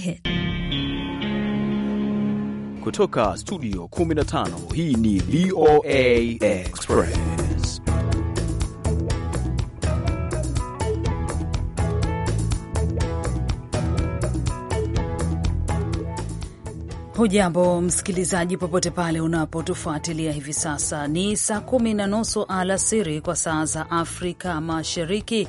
Hit. Kutoka studio 15 hii ni VOA Express. Hujambo msikilizaji, popote pale unapotufuatilia hivi sasa. Ni saa kumi na nusu alasiri kwa saa za Afrika Mashariki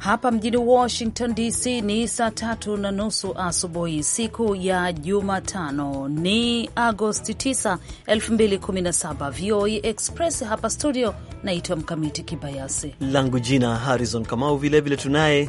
hapa mjini Washington DC ni saa tatu na nusu asubuhi, siku ya Jumatano ni Agosti 9, 2017. VOA Express hapa studio, naitwa Mkamiti Kibayasi langu jina Harrison Kamau, vilevile tunaye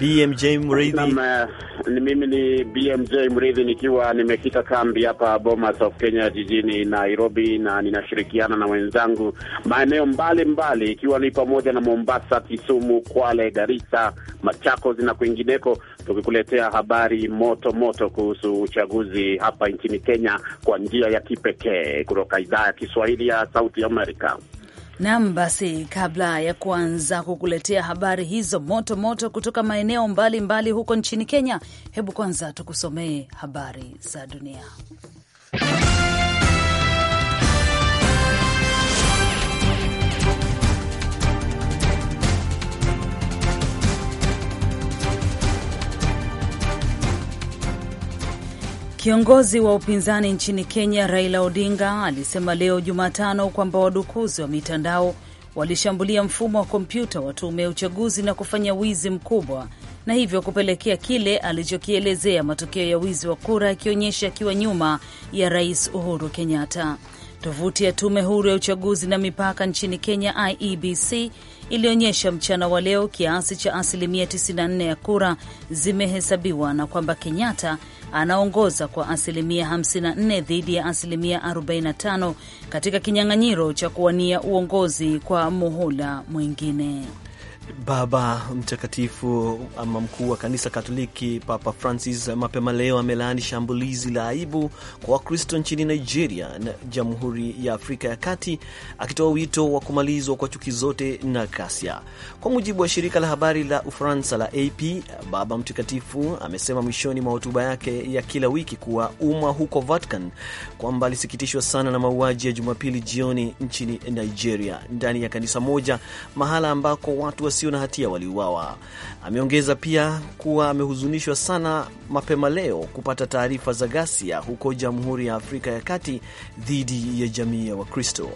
BMJ Mridhi. Eh, ni mimi ni BMJ Mridhi nikiwa nimekita kambi hapa Bomas of Kenya jijini Nairobi, na ninashirikiana na wenzangu maeneo mbalimbali, ikiwa ni pamoja na Mombasa, Kisumu, Kwale, Garissa, Machakos na kwingineko, tukikuletea habari moto moto kuhusu uchaguzi hapa nchini Kenya kwa njia ya kipekee kutoka idhaa ya Kiswahili ya Sauti Amerika. Nam, basi kabla ya kuanza kukuletea habari hizo moto moto kutoka maeneo mbalimbali mbali huko nchini Kenya, hebu kwanza tukusomee habari za dunia. Kiongozi wa upinzani nchini Kenya Raila Odinga alisema leo Jumatano kwamba wadukuzi wa mitandao walishambulia mfumo wa kompyuta wa tume ya uchaguzi na kufanya wizi mkubwa na hivyo kupelekea kile alichokielezea matokeo ya wizi wa kura yakionyesha akiwa nyuma ya Rais Uhuru Kenyatta. Tovuti ya tume huru ya uchaguzi na mipaka nchini Kenya, IEBC, ilionyesha mchana wa leo kiasi cha asilimia 94 ya kura zimehesabiwa na kwamba Kenyatta anaongoza kwa asilimia 54 dhidi ya asilimia 45 katika kinyang'anyiro cha kuwania uongozi kwa muhula mwingine. Baba Mtakatifu ama mkuu wa kanisa Katoliki Papa Francis mapema leo amelaani shambulizi la aibu kwa Wakristo nchini Nigeria na Jamhuri ya Afrika ya Kati, akitoa wito wa kumalizwa kwa chuki zote na ghasia. Kwa mujibu wa shirika la habari la Ufaransa la AP, Baba Mtakatifu amesema mwishoni mwa hotuba yake ya kila wiki kuwa umma huko Vatican kwamba alisikitishwa sana na mauaji ya Jumapili jioni nchini Nigeria ndani ya kanisa moja, mahala ambako watu wa wasio na hatia waliuawa. Ameongeza pia kuwa amehuzunishwa sana mapema leo kupata taarifa za ghasia huko Jamhuri ya Afrika ya Kati dhidi ya jamii ya Wakristo.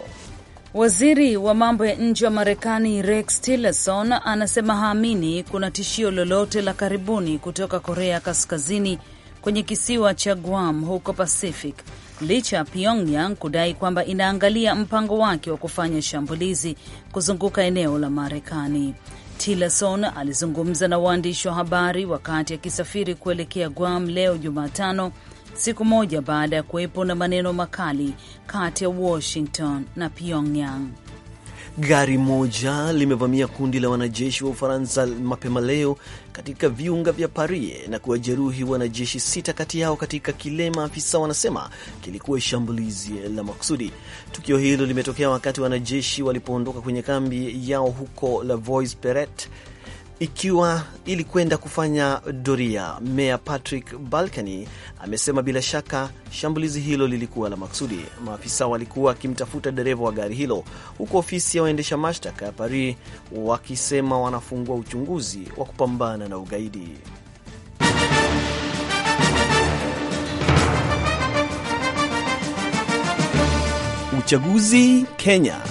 Waziri wa mambo ya nje wa Marekani Rex Tillerson anasema haamini kuna tishio lolote la karibuni kutoka Korea Kaskazini kwenye kisiwa cha Guam huko Pacific licha ya Pyongyang kudai kwamba inaangalia mpango wake wa kufanya shambulizi kuzunguka eneo la Marekani. Tillerson alizungumza na waandishi wa habari wakati akisafiri kuelekea Guam leo Jumatano, siku moja baada ya kuwepo na maneno makali kati ya Washington na Pyongyang. Gari moja limevamia kundi la wanajeshi wa Ufaransa mapema leo katika viunga vya Paris na kuwajeruhi wanajeshi sita kati yao katika kile maafisa wanasema kilikuwa shambulizi la makusudi. Tukio hilo limetokea wakati wanajeshi walipoondoka kwenye kambi yao huko La Voisperret ikiwa ili kwenda kufanya doria. Meya Patrick Balkany amesema bila shaka shambulizi hilo lilikuwa la maksudi. Maafisa walikuwa wakimtafuta dereva wa gari hilo, huku ofisi ya waendesha mashtaka ya Paris wakisema wanafungua uchunguzi wa kupambana na ugaidi. Uchaguzi Kenya.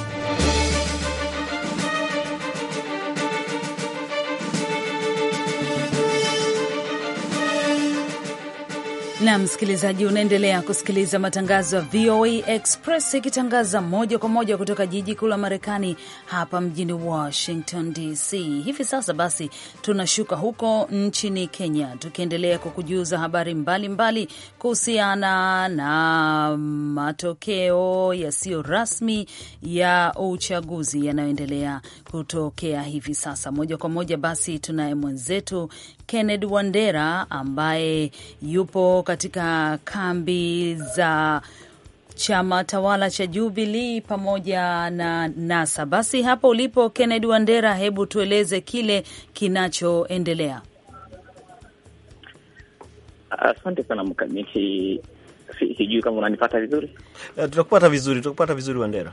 na msikilizaji, unaendelea kusikiliza matangazo ya VOA Express ikitangaza moja kwa moja kutoka jiji kuu la Marekani, hapa mjini Washington DC. Hivi sasa basi, tunashuka huko nchini Kenya, tukiendelea kukujuza habari mbalimbali kuhusiana na matokeo yasiyo rasmi ya uchaguzi yanayoendelea kutokea hivi sasa. Moja kwa moja basi, tunaye mwenzetu kenned Wandera ambaye yupo katika kambi za chama tawala cha Jubilee pamoja na NASA. Basi hapo ulipo Kennedy Wandera, hebu tueleze kile kinachoendelea. Asante sana mkamiti, sijui kama unanipata vizuri. Eh, tutakupata vizuri, tutakupata vizuri Wandera.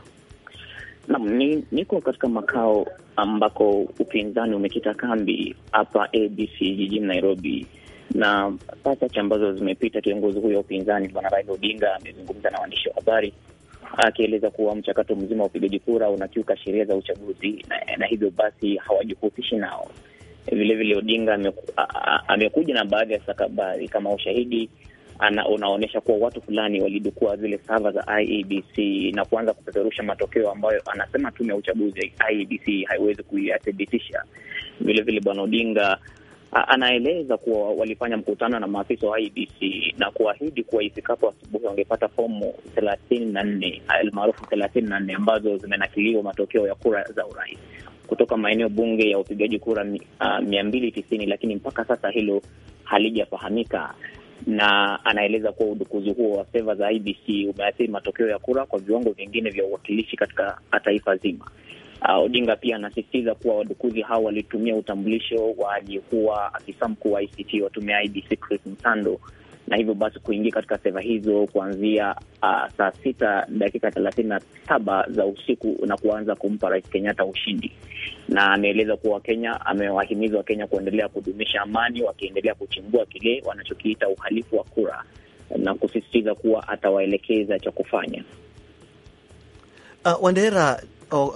Naam, ni, niko katika makao ambako upinzani umekita kambi hapa ABC jijini Nairobi na saa chache ambazo zimepita, kiongozi huyo wa upinzani Bwana Raila Odinga amezungumza na waandishi wa habari akieleza kuwa mchakato mzima wa upigaji kura unakiuka sheria za uchaguzi na, na hivyo basi hawajihusishi nao. Vilevile Odinga amekuja na baadhi ya stakabadhi kama ushahidi unaonyesha kuwa watu fulani walidukua zile sava za IEBC na kuanza kupeperusha matokeo ambayo anasema tume ya uchaguzi IEBC haiwezi kuyathibitisha. Vilevile bwana Odinga anaeleza kuwa walifanya mkutano na maafisa wa IBC na kuahidi kuwa ifikapo asubuhi wangepata fomu thelathini na nne almaarufu thelathini na nne ambazo zimenakiliwa matokeo ya kura za urais kutoka maeneo bunge ya upigaji kura uh, mia mbili tisini, lakini mpaka sasa hilo halijafahamika. Na anaeleza kuwa udukuzi huo wa seva za IBC umeathiri matokeo ya kura kwa viwango vingine vya uwakilishi katika taifa zima. Uh, Odinga pia anasisitiza kuwa wadukuzi hao walitumia utambulisho wa aliyekuwa afisa mkuu wa ICT wa tume ya ibc Chris Msando, na hivyo basi kuingia katika seva hizo kuanzia uh, saa sita dakika thelathini na saba za usiku na kuanza kumpa Rais Kenyatta ushindi, na ameeleza kuwa Wakenya, amewahimiza Wakenya kuendelea kudumisha amani, wakiendelea kuchimbua kile wanachokiita uhalifu wa kura na kusisitiza kuwa atawaelekeza cha kufanya. Uh, Wandera,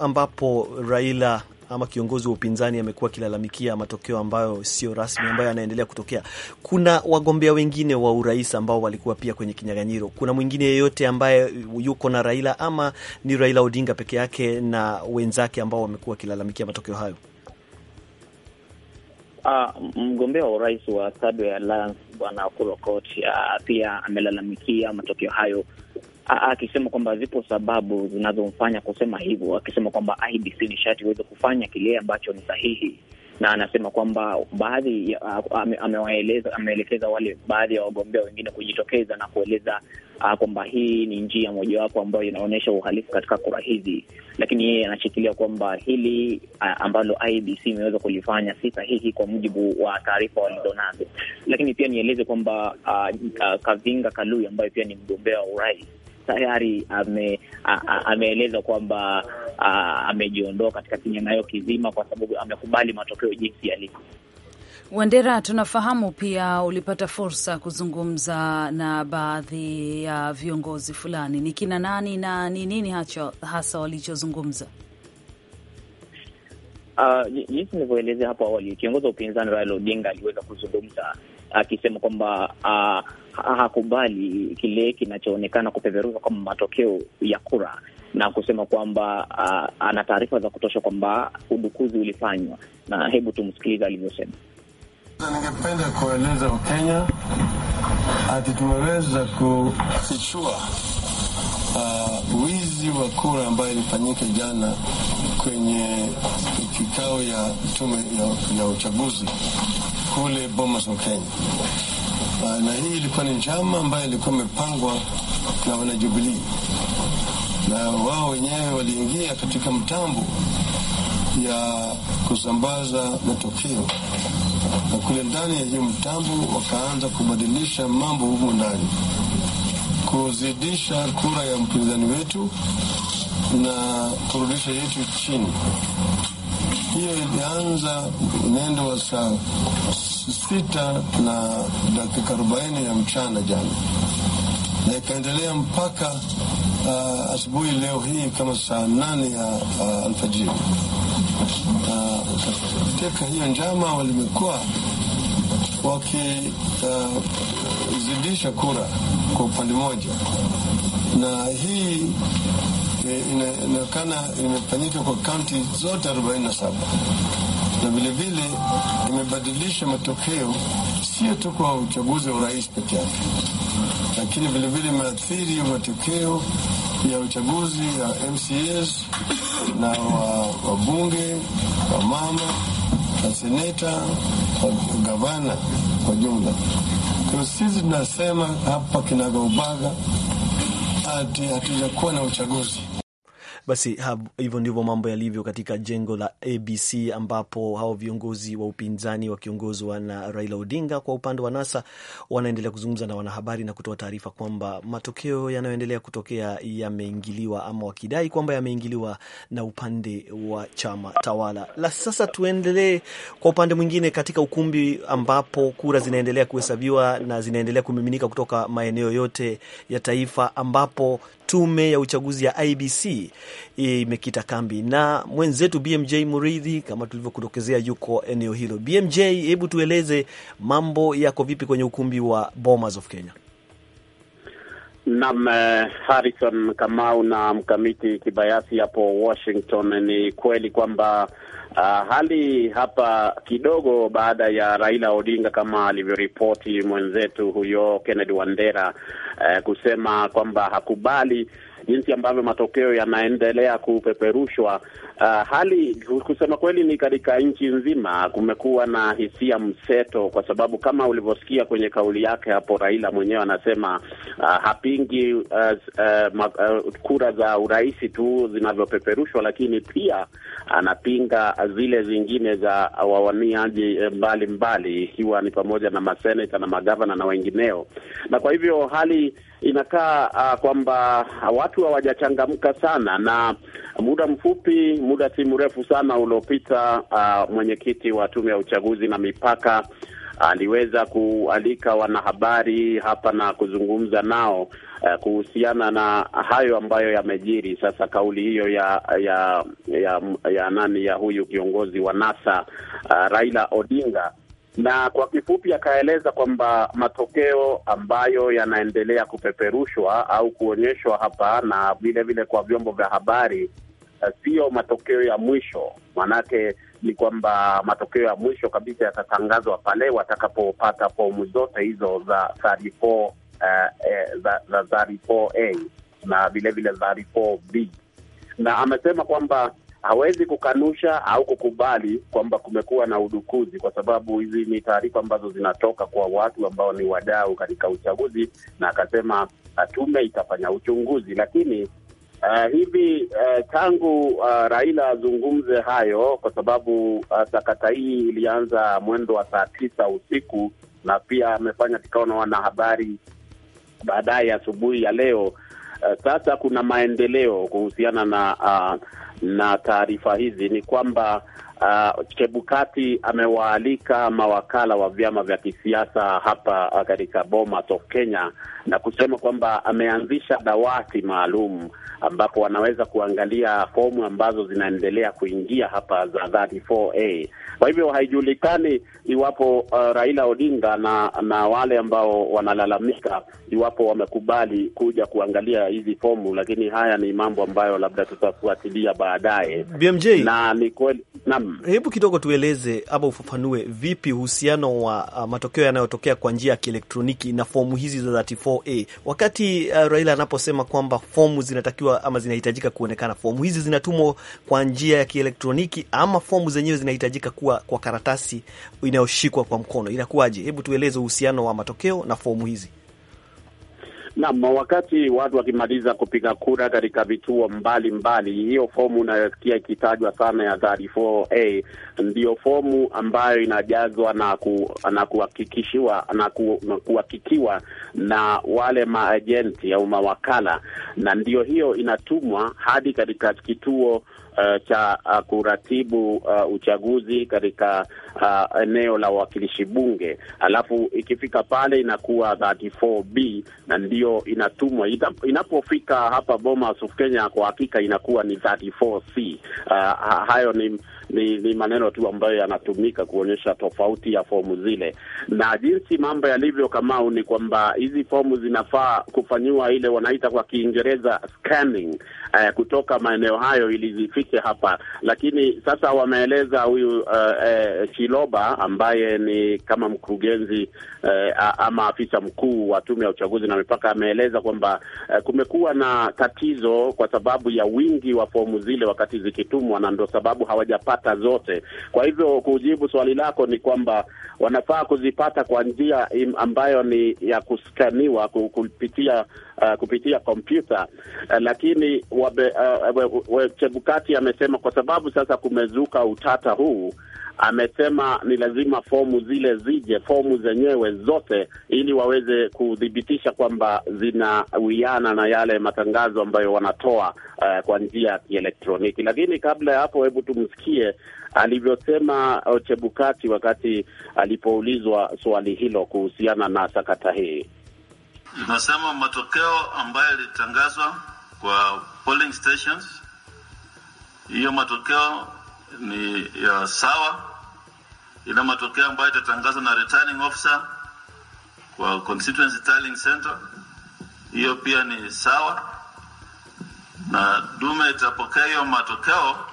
ambapo Raila ama kiongozi wa upinzani amekuwa akilalamikia matokeo ambayo sio rasmi ambayo yanaendelea kutokea. Kuna wagombea wengine wa urais ambao walikuwa pia kwenye kinyang'anyiro. Kuna mwingine yeyote ambaye yuko na Raila ama ni Raila Odinga peke yake na wenzake ambao wamekuwa wakilalamikia matokeo hayo? Uh, mgombea wa urais wa Third Way Alliance bwana Kurokot uh, ah, pia amelalamikia matokeo hayo ah, akisema kwamba zipo sababu zinazomfanya kusema hivyo, akisema kwamba IBC ni sharti iweze kufanya kile ambacho ni sahihi, na anasema kwamba baadhi amewaeleza, ameelekeza wale baadhi ya wagombea wengine kujitokeza na kueleza Ah, kwamba hii ni njia mojawapo ambayo inaonyesha uhalifu katika kura hizi, lakini yeye anashikilia kwamba hili uh, ambalo IBC imeweza kulifanya si sahihi kwa mujibu wa taarifa walizonazo. Lakini pia nieleze kwamba ah, Kavinga Kalui ambaye pia ni mgombea wa urais tayari ame, ameeleza kwamba amejiondoa katika kinyang'anyiro kizima kwa sababu amekubali matokeo jinsi yalivyo. Wandera, tunafahamu pia ulipata fursa kuzungumza na baadhi ya viongozi fulani. Ni kina nani na ni nini hacho hasa walichozungumza? Uh, jinsi nilivyoelezea hapo awali, kiongozi wa upinzani Raila Odinga aliweza kuzungumza akisema uh, kwamba uh, hakubali kile kinachoonekana kupeperushwa kama matokeo ya kura na kusema kwamba uh, ana taarifa za kutosha kwamba udukuzi ulifanywa, na hebu tumsikiliza alivyosema. Ningependa kueleza Wakenya ati tumeweza kufichua uh, wizi wa kura ambayo ilifanyika jana kwenye kikao ya tume ya, ya uchaguzi kule Bomas wa Kenya. Uh, na hii ilikuwa ni njama ambayo ilikuwa imepangwa na wanajubilii na wao wenyewe waliingia katika mtambo ya kusambaza matokeo na kule ndani ya hiyo mtambo wakaanza kubadilisha mambo humu ndani, kuzidisha kura ya mpinzani wetu na kurudisha yetu chini. Hiyo ilianza mwendo wa saa sita na dakika arobaini ya mchana jana na ikaendelea mpaka uh, asubuhi leo hii kama saa nane ya uh, alfajiri na katika hiyo njama walimekuwa wakizidisha uh, kura kwa upande mmoja, na hii eh, inaonekana imefanyika kwa kaunti zote 47 na vilevile imebadilisha matokeo sio tu kwa uchaguzi wa urais peke yake, lakini vilevile imeathiri matokeo ya uchaguzi ya mcs na wabunge wa wamama na seneta wa gavana kwa jumla. Kwa sisi tunasema hapa kinagaubaga ati hatujakuwa na uchaguzi. Basi hivyo ndivyo mambo yalivyo katika jengo la ABC ambapo hao viongozi wa upinzani wakiongozwa na Raila Odinga kwa upande wa NASA wanaendelea kuzungumza na wanahabari na kutoa taarifa kwamba matokeo yanayoendelea kutokea yameingiliwa ama wakidai kwamba yameingiliwa na upande wa chama tawala. La sasa, tuendelee kwa upande mwingine katika ukumbi ambapo kura zinaendelea kuhesabiwa na zinaendelea kumiminika kutoka maeneo yote ya taifa ambapo tume ya uchaguzi ya IBC imekita kambi, na mwenzetu BMJ Muridhi kama tulivyokutokezea yuko eneo hilo. BMJ, hebu tueleze mambo yako vipi kwenye ukumbi wa Bomas of Kenya? Nam eh, Harrison Kamau na mkamiti Kibayasi hapo Washington. Ni kweli kwamba uh, hali hapa kidogo baada ya Raila Odinga kama alivyoripoti mwenzetu huyo Kennedy Wandera uh, kusema kwamba hakubali jinsi ambavyo matokeo yanaendelea kupeperushwa Uh, hali kusema kweli ni katika nchi nzima kumekuwa na hisia mseto, kwa sababu kama ulivyosikia kwenye kauli yake hapo, Raila mwenyewe anasema uh, hapingi uh, uh, uh, kura za urais tu zinavyopeperushwa, lakini pia anapinga zile zingine za wawaniaji eh, mbalimbali, ikiwa ni pamoja na maseneta na magavana na wengineo, na kwa hivyo hali inakaa uh, kwamba watu hawajachangamka sana, na muda mfupi muda si mrefu sana uliopita, uh, mwenyekiti wa tume ya uchaguzi na mipaka aliweza kualika wanahabari hapa na kuzungumza nao uh, kuhusiana na hayo ambayo yamejiri. Sasa kauli hiyo ya ya ya, ya nani ya huyu kiongozi wa NASA uh, Raila Odinga na kwa kifupi akaeleza kwamba matokeo ambayo yanaendelea kupeperushwa au kuonyeshwa hapa na vilevile kwa vyombo vya habari Eh, sio matokeo ya mwisho. Maanake ni kwamba matokeo ya mwisho kabisa yatatangazwa pale watakapopata fomu zote hizo za 34 eh, eh, za 34A na vilevile 4 b na amesema kwamba hawezi kukanusha au kukubali kwamba kumekuwa na udukuzi, kwa sababu hizi ni taarifa ambazo zinatoka kwa watu ambao ni wadau katika uchaguzi, na akasema ah, tume itafanya uchunguzi, lakini Uh, hivi uh, tangu uh, Raila azungumze hayo, kwa sababu sakata uh, hii ilianza mwendo wa saa tisa usiku na pia amefanya kikao na wanahabari baadaye asubuhi ya leo. Uh, sasa kuna maendeleo kuhusiana na uh, na taarifa hizi ni kwamba Uh, Chebukati amewaalika mawakala wa vyama vya kisiasa hapa uh, katika Bomas of Kenya na kusema kwamba ameanzisha dawati maalum ambapo wanaweza kuangalia fomu ambazo zinaendelea kuingia hapa za 34A. Kwa hivyo haijulikani iwapo uh, Raila Odinga na, na wale ambao wanalalamika iwapo wamekubali kuja kuangalia hizi fomu, lakini haya ni mambo ambayo labda tutafuatilia baadaye. BMJ na ni kweli hebu kidogo tueleze ama ufafanue vipi uhusiano wa uh, matokeo yanayotokea kwa njia ya kielektroniki na fomu hizi za 34A. Wakati uh, Raila anaposema kwamba fomu zinatakiwa ama zinahitajika kuonekana, fomu hizi zinatumwa kwa njia ya kielektroniki ama fomu zenyewe zinahitajika kuwa kwa karatasi inayoshikwa kwa mkono, inakuwaje? Hebu tueleze uhusiano wa matokeo na fomu hizi. Naam, wakati watu wakimaliza kupiga kura katika vituo mbalimbali, hiyo fomu unayosikia ikitajwa sana ya 34A ndiyo fomu ambayo inajazwa na ku, na kuhakikishiwa na ku, na kuhakikiwa na wale maajenti au mawakala, na ndio hiyo inatumwa hadi katika kituo uh, cha uh, kuratibu uh, uchaguzi katika uh, eneo la wawakilishi bunge, alafu ikifika pale inakuwa 34B na ndiyo inatumwa inapofika hapa Bomas of Kenya, kwa hakika inakuwa ni 34C. Uh, hayo ni, ni, ni maneno tu ambayo yanatumika kuonyesha tofauti ya fomu zile na jinsi mambo yalivyo. Kamau, ni kwamba hizi fomu zinafaa kufanyiwa ile wanaita kwa Kiingereza scanning uh, kutoka maeneo hayo ili tuite hapa, lakini sasa wameeleza huyu uh, eh, Chiloba ambaye ni kama mkurugenzi eh, ama afisa mkuu wa tume ya uchaguzi na mipaka ameeleza kwamba eh, kumekuwa na tatizo kwa sababu ya wingi wa fomu zile wakati zikitumwa, na ndio sababu hawajapata zote. Kwa hivyo kujibu swali lako ni kwamba wanafaa kuzipata kwa njia ambayo ni ya kuskaniwa kupitia uh, kupitia kompyuta uh, lakini wabe, uh, we, we, Chebukati amesema kwa sababu sasa kumezuka utata huu, amesema ni lazima fomu zile zije, fomu zenyewe zote, ili waweze kuthibitisha kwamba zinawiana na yale matangazo ambayo wanatoa uh, kwa njia ya kielektroniki. Lakini kabla ya hapo, hebu tumsikie alivyosema Chebukati wakati alipoulizwa swali hilo kuhusiana na sakata hii. Nasema matokeo ambayo yalitangazwa kwa polling stations hiyo matokeo ni ya sawa, ina matokeo ambayo itatangazwa na returning officer kwa constituency tallying center, hiyo pia ni sawa, na dume itapokea hiyo matokeo,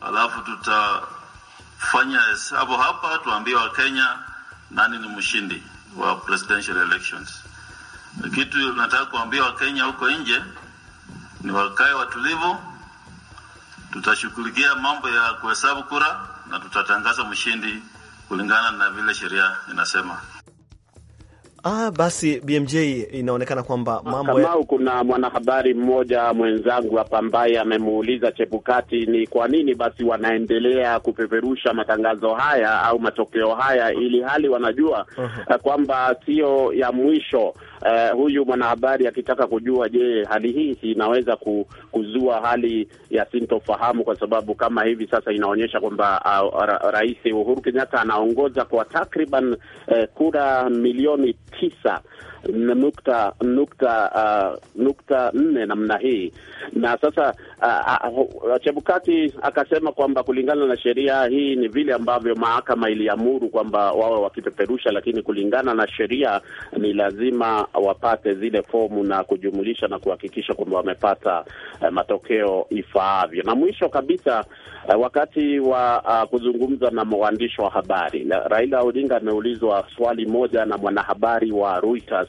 alafu tutafanya hesabu hapa, tuambie Wakenya nani ni mshindi wa presidential elections. Kitu nataka kuambia Wakenya huko nje ni wakae watulivu Tutashughulikia mambo ya kuhesabu kura na tutatangaza mshindi kulingana na vile sheria inasema. Ah, basi BMJ, inaonekana kwamba ah, mambo ya... kuna mwanahabari mmoja mwenzangu hapa ambaye amemuuliza Chebukati ni kwa nini basi wanaendelea kupeperusha matangazo haya au matokeo haya ili hali wanajua uh -huh. kwamba sio ya mwisho uh, huyu mwanahabari akitaka kujua, je, hali hii si inaweza kuzua hali ya sintofahamu, kwa sababu kama hivi sasa inaonyesha kwamba uh, ra Rais Uhuru Kenyatta anaongoza kwa takriban uh, kura milioni tisa nukta nukta uh, nukta nne namna hii. Na sasa uh, uh, Chebukati akasema kwamba kulingana na sheria hii ni vile ambavyo mahakama iliamuru kwamba wawe wakipeperusha, lakini kulingana na sheria ni lazima wapate zile fomu na kujumulisha na kuhakikisha kwamba wamepata uh, matokeo ifaavyo. Na mwisho kabisa uh, wakati wa uh, kuzungumza na mwandishi wa habari, Raila Odinga ameulizwa swali moja na mwanahabari wa Reuters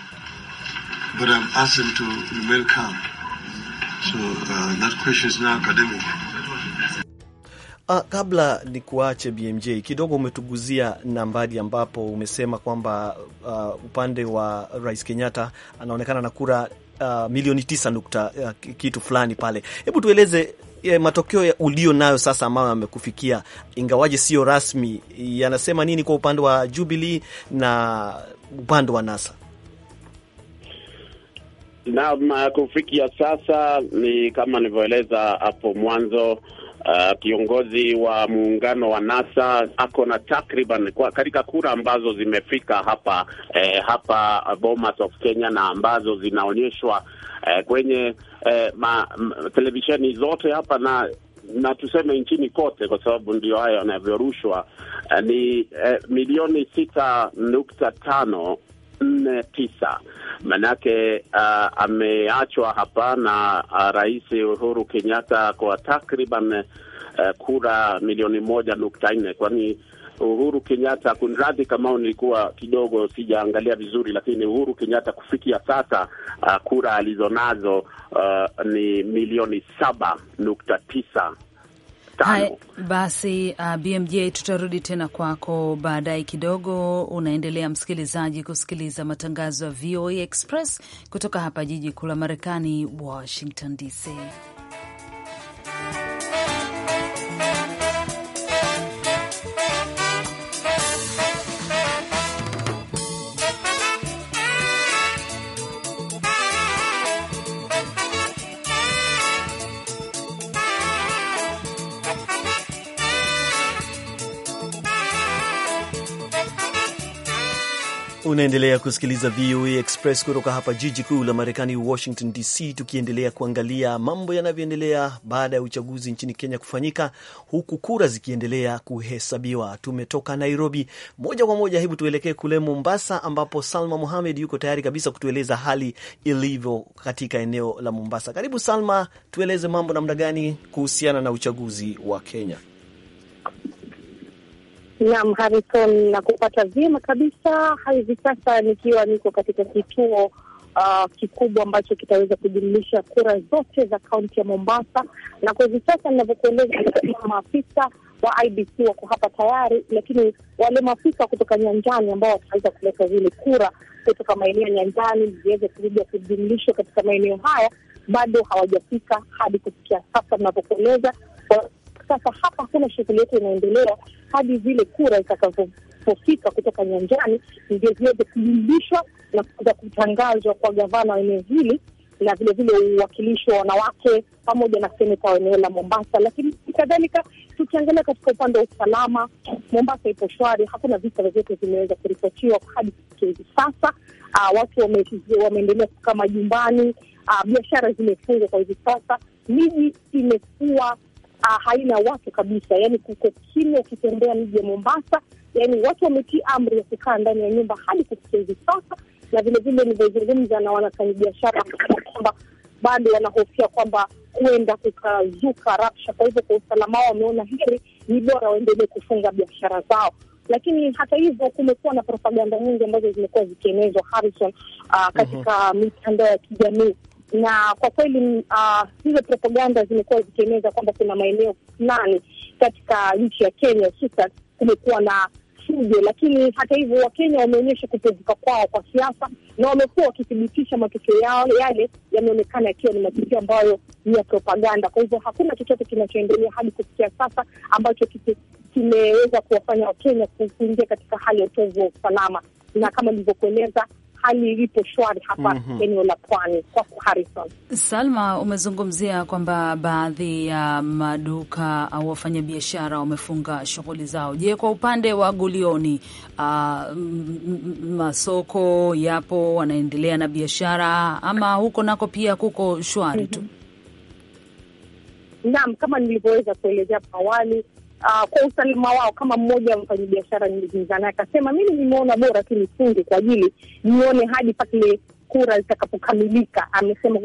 but I've asked them to remain calm. So, uh, that question is now academic. Ah, kabla ni kuache BMJ kidogo, umetuguzia nambari ambapo umesema kwamba uh, upande wa Rais Kenyatta anaonekana na kura uh, milioni tisa nukta uh, kitu fulani pale. Hebu tueleze eh, matokeo ya ulio nayo sasa ambayo yamekufikia, ingawaje sio rasmi, yanasema nini kwa upande wa Jubilee na upande wa NASA? Na kufikia sasa ni kama nilivyoeleza hapo mwanzo, uh, kiongozi wa muungano wa NASA ako na takriban katika kura ambazo zimefika hapa eh, hapa Bomas of Kenya na ambazo zinaonyeshwa eh, kwenye eh, televisheni zote hapa na na tuseme nchini kote, kwa sababu ndio hayo yanavyorushwa, eh, ni eh, milioni sita nukta tano nne tisa manake uh, ameachwa hapa na uh, Rais Uhuru Kenyatta kwa takriban uh, kura milioni moja nukta nne kwani Uhuru Kenyatta, kunradhi kama nilikuwa kidogo sijaangalia vizuri, lakini Uhuru Kenyatta kufikia sasa uh, kura alizonazo uh, ni milioni saba nukta tisa Hai, basi uh, BMJ tutarudi tena kwako baadaye kidogo. Unaendelea msikilizaji kusikiliza matangazo ya VOA Express kutoka hapa jiji kuu la Marekani, Washington DC. Unaendelea kusikiliza VOA Express kutoka hapa jiji kuu la Marekani, Washington DC, tukiendelea kuangalia mambo yanavyoendelea baada ya uchaguzi nchini Kenya kufanyika huku kura zikiendelea kuhesabiwa. Tumetoka Nairobi moja kwa moja, hebu tuelekee kule Mombasa, ambapo Salma Muhamed yuko tayari kabisa kutueleza hali ilivyo katika eneo la Mombasa. Karibu Salma, tueleze mambo namna gani kuhusiana na uchaguzi wa Kenya. Naam, Harrison, na kupata vyema kabisa. Hivi sasa nikiwa niko katika kituo Uh, kikubwa ambacho kitaweza kujumlisha kura zote za kaunti ya Mombasa, na kwa hivi sasa ninavyokueleza, maafisa wa IBC wako hapa tayari, lakini wale maafisa kutoka nyanjani ambao wataweza kuleta zile kura kutoka maeneo ya nyanjani ziweze kuja kujumlishwa katika maeneo haya bado hawajafika hadi kufikia sasa ninavyokueleza sasa hapa hakuna shughuli yetu inaendelea hadi vile kura itakazofika kutoka nyanjani, ndio ziweze kujumlishwa na za kutangazwa kwa gavana wa eneo hili na vilevile uwakilishi wa wanawake pamoja na seneta wa eneo la Mombasa. Lakini kadhalika, tukiangalia katika upande wa usalama, Mombasa ipo shwari, hakuna visa vyovyote vimeweza kuripotiwa hadi hivi sasa. Uh, watu wameendelea kukaa majumbani, uh, biashara zimefungwa kwa hivi sasa, miji imekuwa uh, haina watu kabisa, yaani kuko kimya. Ukitembea mji ya Mombasa, yani watu wametii amri ya kukaa ndani ya nyumba hadi kufikia hivi sasa, na vilevile nilivyozungumza na wanafanyabiashara kwamba bado wanahofia kwamba huenda kukazuka rapsha. Kwa hivyo, kwa usalama wao wameona heri ni bora waendelee kufunga biashara zao lakini hata hivyo kumekuwa na propaganda nyingi ambazo zimekuwa zikienezwa Harrison, uh, katika mhm. mitandao ya kijamii na kwa kweli ah, hizo uh, propaganda zimekuwa zikieneza kwamba kuna maeneo fulani katika nchi ya Kenya hususan kumekuwa na fujo, lakini hata hivyo Wakenya wameonyesha kupevuka kwao kwa siasa na wamekuwa wakithibitisha matokeo yao yale yameonekana yakiwa ni matokeo ambayo ni ya propaganda. Kwa hivyo hakuna chochote kinachoendelea hadi kufikia sasa ambacho kimeweza kuwafanya Wakenya kuingia katika hali ya utovu wa usalama, na kama nilivyokueleza hali ilipo shwari hapa mm -hmm. eneo la pwani. Kwa Harrison. Salma, umezungumzia kwamba baadhi ya maduka au wafanyabiashara wamefunga shughuli zao. Je, kwa upande wa Gulioni, uh, masoko yapo, wanaendelea na biashara ama huko nako pia kuko shwari tu? mm -hmm. Naam, kama nilivyoweza kuelezea hapo awali uh, kwa usalama wao. Kama mmoja wa mfanyabiashara nilizungumza naye akasema, mimi nimeona bora tu nifunge kwa ajili nione hadi pale kura zitakapokamilika. Amesema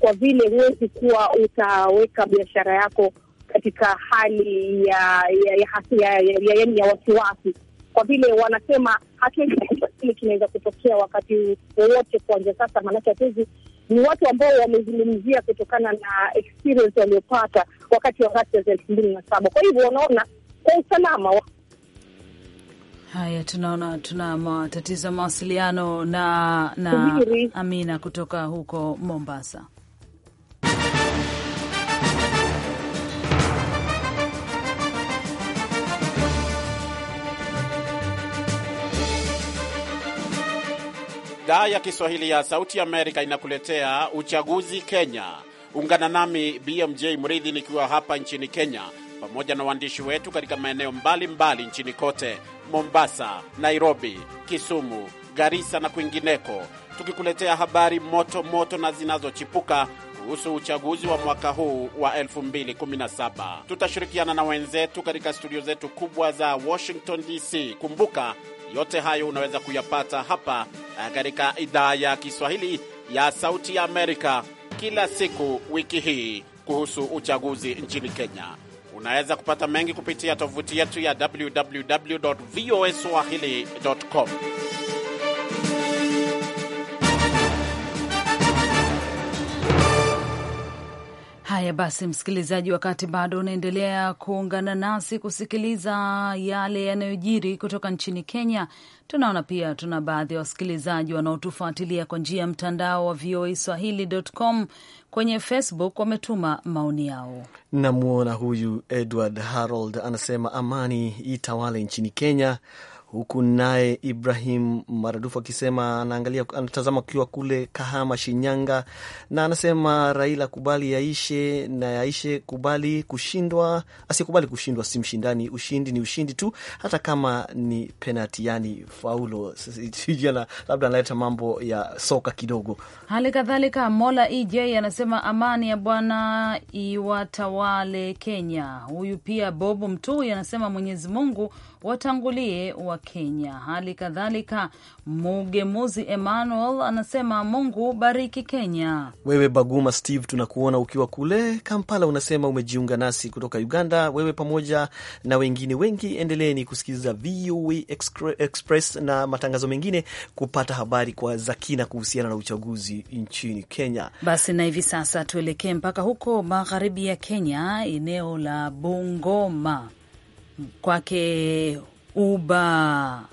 kwa vile huwezi kuwa utaweka biashara yako katika hali ya ya ya, ya, ya, ya, ya wasiwasi kwa vile wanasema hatuwezi kile kinaweza kutokea wakati wowote kuanzia sasa, maanake hatuwezi ni watu ambao wamezungumzia kutokana na experience waliopata wakati wa ghasia za elfu mbili na saba. Kwa hivyo wanaona kwa usalama wa Haya, tunaona tuna matatizo ya mawasiliano na, na Amina kutoka huko Mombasa. Idhaa ya Kiswahili ya Sauti Amerika inakuletea uchaguzi Kenya. Ungana nami BMJ Mridhi nikiwa hapa nchini Kenya pamoja na waandishi wetu katika maeneo mbalimbali nchini kote: Mombasa, Nairobi, Kisumu, Garissa na kwingineko, tukikuletea habari moto moto na zinazochipuka kuhusu uchaguzi wa mwaka huu wa 2017. Tutashirikiana na wenzetu katika studio zetu kubwa za Washington DC. Kumbuka yote hayo unaweza kuyapata hapa Eh, katika idhaa ya Kiswahili ya Sauti ya Amerika kila siku wiki hii kuhusu uchaguzi nchini Kenya. Unaweza kupata mengi kupitia tovuti yetu ya www voa swahili.com. Haya basi, msikilizaji, wakati bado unaendelea kuungana nasi kusikiliza yale yanayojiri kutoka nchini Kenya, tunaona pia tuna baadhi ya wasikilizaji wanaotufuatilia kwa njia ya mtandao wa VOA Swahili.com kwenye Facebook wametuma maoni yao. Namwona huyu Edward Harold anasema amani itawale nchini Kenya huku naye Ibrahim Maradufu akisema anaangalia, anatazama akiwa kule Kahama, Shinyanga, na anasema Raila kubali yaishe na yaishe, kubali kushindwa, asikubali kushindwa si mshindani, ushindi ni ushindi tu, hata kama ni penati, yani faulo. Labda analeta mambo ya soka kidogo. Hali kadhalika Mola EJ anasema amani ya Bwana iwatawale Kenya. Huyu pia Bobu Mtui anasema Mwenyezi Mungu watangulie wa Kenya. Hali kadhalika Mugemuzi Emmanuel anasema Mungu bariki Kenya. Wewe Baguma Steve, tunakuona ukiwa kule Kampala, unasema umejiunga nasi kutoka Uganda. Wewe pamoja na wengine wengi, endeleeni kusikiliza VOA Express na matangazo mengine kupata habari kwa za kina kuhusiana na uchaguzi nchini Kenya. Basi na hivi sasa tuelekee mpaka huko magharibi ya Kenya, eneo la Bungoma kwake Uba.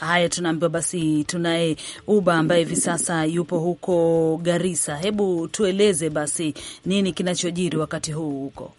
Haya, tunaambiwa basi, tunaye Uba ambaye hivi sasa yupo huko Garissa. Hebu tueleze basi nini kinachojiri wakati huu huko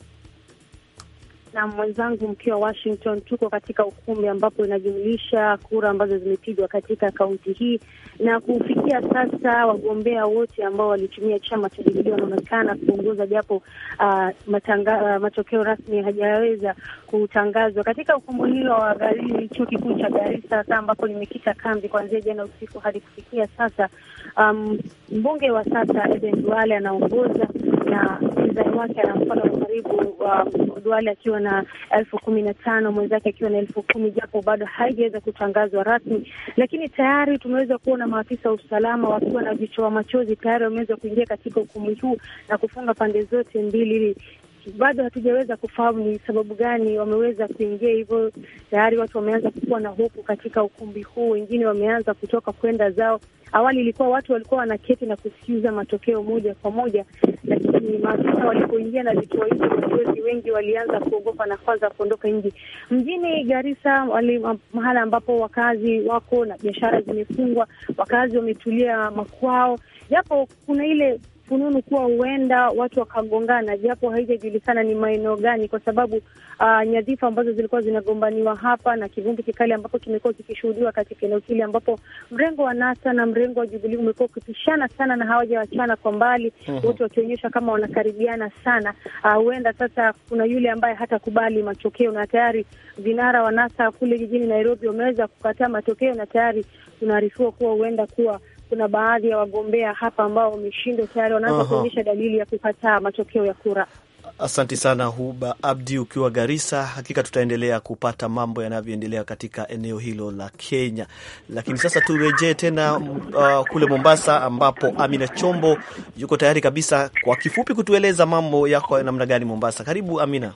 na mwenzangu mkiwa Washington, tuko katika ukumbi ambapo inajumlisha kura ambazo zimepigwa katika kaunti hii, na kufikia sasa wagombea wote ambao walitumia chama cha Jubilee wanaonekana kuongoza, japo uh, matanga, uh, matokeo rasmi hajaweza kutangazwa katika ukumbi hilo wa Galili, chuo kikuu cha Garissa, saa ambapo limekita kambi kuanzia jana usiku hadi kufikia sasa. Um, mbunge wa sasa Aden Duale anaongoza na mpinzani wake ana mfano wa karibu wa um, Duale akiwa na elfu kumi na tano mwenzake akiwa na elfu kumi japo bado haijaweza kutangazwa rasmi, lakini tayari tumeweza kuona maafisa wa usalama wakiwa na vichoa machozi tayari wameweza kuingia katika ukumbi huu na kufunga pande zote mbili ili bado hatujaweza kufahamu ni sababu gani wameweza kuingia hivyo. Tayari watu wameanza kukuwa na hofu katika ukumbi huu, wengine wameanza kutoka kwenda zao. Awali ilikuwa watu walikuwa wanaketi na kusikiza matokeo moja kwa moja, lakini maafisa walipoingia na vituo hivyo, wachuuzi wengi walianza kuogopa na kwanza kuondoka nji Mjini wali mahala ambapo wakazi wako na biashara zimefungwa, wakazi wametulia makwao, japo kuna ile fununu kuwa huenda watu wakagongana, japo haijajulikana ni maeneo gani, kwa sababu uh, nyadhifa ambazo zilikuwa zinagombaniwa hapa na kivumbi kikali ambapo kimekuwa kikishuhudiwa katika eneo hili, ambapo mrengo wa NASA na mrengo wa jubilii umekuwa ukipishana sana na hawajawachana kwa mbali, mhm. wote wakionyesha kama wanakaribiana sana. Ah, huenda uh, sasa kuna yule ambaye hatakubali matokeo, na tayari vinara wa NASA kule jijini Nairobi wameweza kukataa matokeo, na tayari tunaarifiwa kuwa huenda kuwa kuna baadhi ya wagombea hapa ambao wameshindwa tayari, wanaanza kuonyesha dalili ya kukataa matokeo ya kura. Asante sana Huba Abdi ukiwa Garissa. Hakika tutaendelea kupata mambo yanavyoendelea katika eneo hilo la Kenya, lakini sasa turejee tena uh, kule Mombasa ambapo Amina Chombo yuko tayari kabisa kwa kifupi kutueleza mambo yako namna gani Mombasa. Karibu Amina.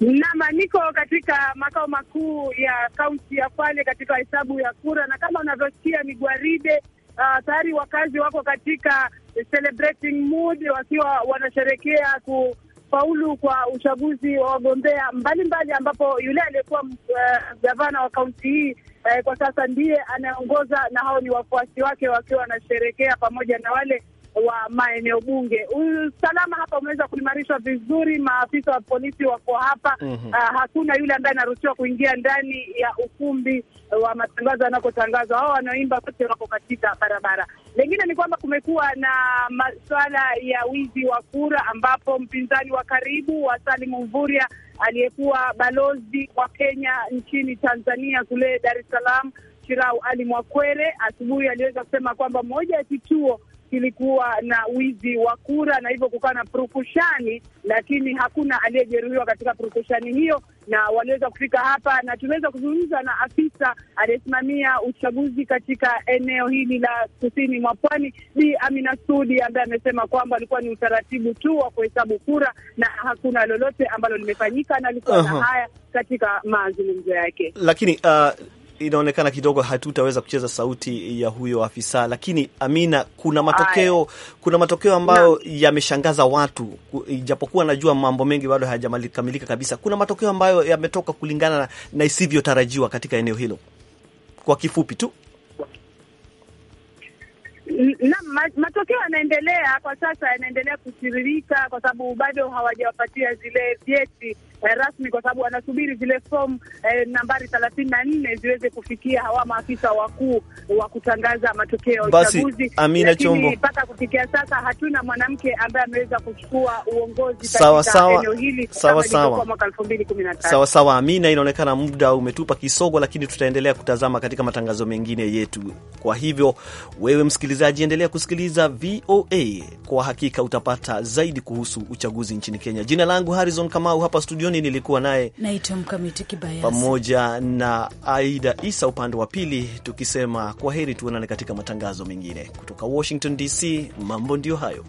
Nama, niko katika makao makuu ya kaunti ya Kwale katika hesabu ya kura, na kama unavyosikia ni gwaride uh, tayari wakazi wako katika celebrating mood wakiwa wanasherekea kufaulu kwa uchaguzi wa wagombea mbalimbali, ambapo yule aliyekuwa uh, gavana wa kaunti hii uh, kwa sasa ndiye anayeongoza, na hao ni wafuasi wake wakiwa wanasherekea pamoja na wale wa maeneo bunge. Usalama hapa umeweza kuimarishwa vizuri, maafisa wa polisi wako hapa mm -hmm. Uh, hakuna yule ambaye anaruhusiwa kuingia ndani ya ukumbi wa matangazo yanakotangazwa. Hao wanaoimba kote wako katika barabara. Lengine ni kwamba kumekuwa na masuala ya wizi wa kura, ambapo mpinzani wa karibu wa Salim Mvurya aliyekuwa balozi wa Kenya nchini Tanzania kule Dar es Salaam, Shirau Ali Mwakwere, asubuhi aliweza kusema kwamba moja ya kituo kilikuwa na wizi wa kura na hivyo kukawa na purukushani, lakini hakuna aliyejeruhiwa katika purukushani hiyo, na waliweza kufika hapa na tumeweza kuzungumza na afisa aliyesimamia uchaguzi katika eneo hili la kusini mwa pwani, Bi Amina Sudi, ambaye amesema kwamba alikuwa ni utaratibu tu wa kuhesabu kura na hakuna lolote ambalo limefanyika, na alikuwa uh -huh. na haya katika mazungumzo yake, lakini uh inaonekana kidogo hatutaweza kucheza sauti ya huyo afisa, lakini Amina, kuna matokeo Aye. kuna matokeo ambayo yameshangaza watu, ijapokuwa najua mambo mengi bado hayajakamilika kabisa. Kuna matokeo ambayo yametoka kulingana na, na isivyotarajiwa katika eneo hilo. Kwa kifupi tu na matokeo yanaendelea kwa sasa, yanaendelea kutiririka kwa sababu bado hawajawapatia zile vyeti eh, rasmi, kwa sababu wanasubiri zile fomu eh, nambari thelathini na nne ziweze kufikia hawa maafisa wakuu wa kutangaza matokeo ya uchaguzi. Amina Chombo, mpaka kufikia sasa hatuna mwanamke ambaye ameweza kuchukua uongozi sawa eneo hili sawa mwaka 2015. Sawa sawa, Amina, inaonekana muda umetupa kisogo, lakini tutaendelea kutazama katika matangazo mengine yetu. Kwa hivyo wewe msikilizaji, endelea kusikiliza VOA, kwa hakika utapata zaidi kuhusu uchaguzi nchini Kenya. Jina langu Harrison Kamau hapa studioni studioni nilikuwa naye naitwa Mkamiti Kibayasi pamoja na Aida Isa upande wa pili, tukisema kwa heri, tuonane katika matangazo mengine kutoka Washington DC. Mambo ndio hayo.